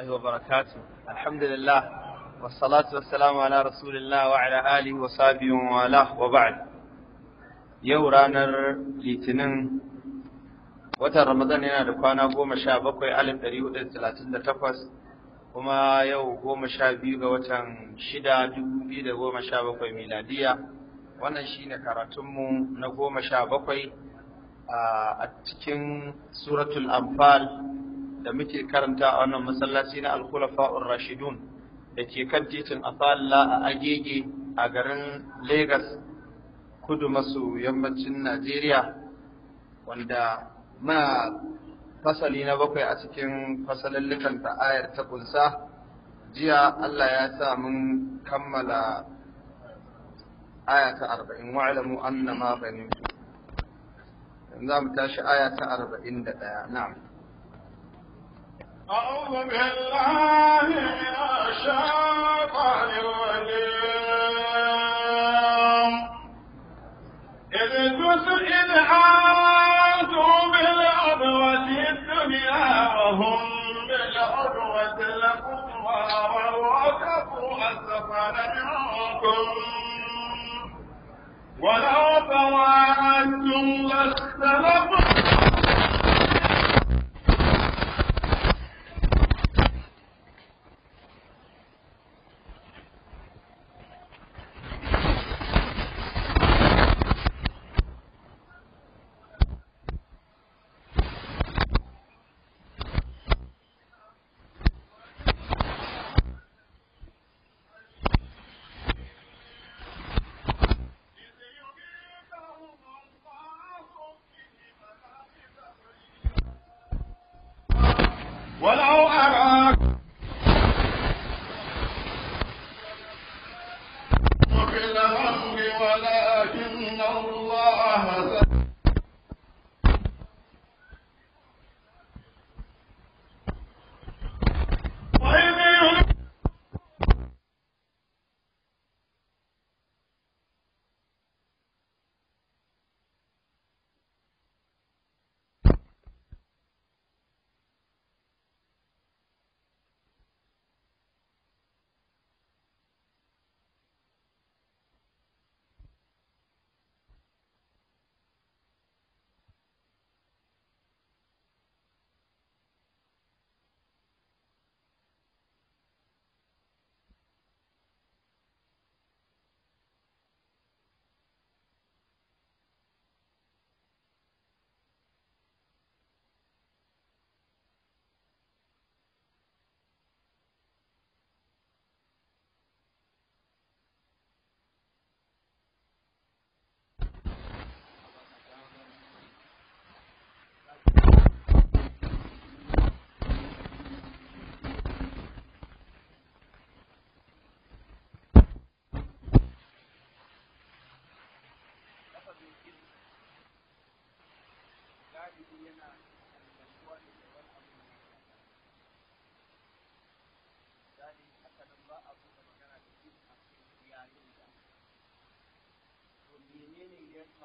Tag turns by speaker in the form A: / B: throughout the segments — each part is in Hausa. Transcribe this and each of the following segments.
A: الله وبركاته الحمد لله والصلاة والسلام على رسول الله وعلى آله وصحبه وموالاه وبعد yau ranar litinin watan ramadan yana da kwana goma sha bakwai alif ɗari hudu talatin da takwas kuma yau goma sha biyu ga watan shida dubu biyu da goma sha bakwai miladiya wannan shi ne karatunmu na goma sha bakwai a cikin suratul anfal da muke karanta a wannan masallaci na Al-Khulafa'ur Rashidun da ke kan titin Afalla a Agege a garin Lagos kudu maso yammacin Najeriya wanda muna fasali na bakwai a cikin fasalallukan ta ayar ta kunsa jiya Allah ya sa mun kammala aya ta arba'in wa'alamu annama ghanimtum yanzu mu tashi aya ta arba'in da ɗaya na'am أعوذ بالله من الشيطان الرجيم إذ تسر إذ أنتم بالعدوة الدنيا وهم بالعدوة لكم وأرادوا أسفل منكم ولو تواعدتم لاختلفتم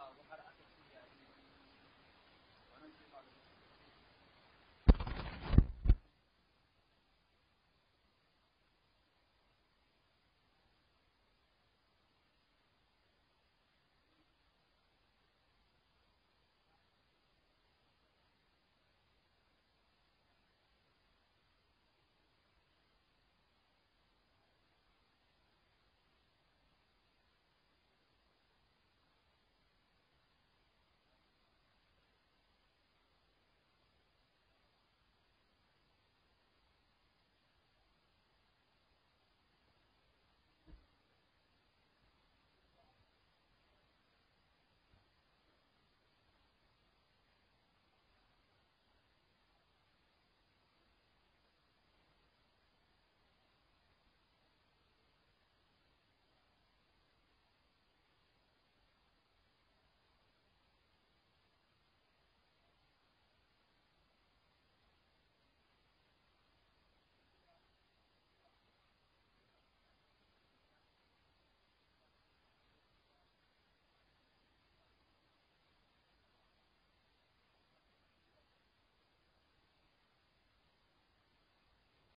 A: الأنصار وقد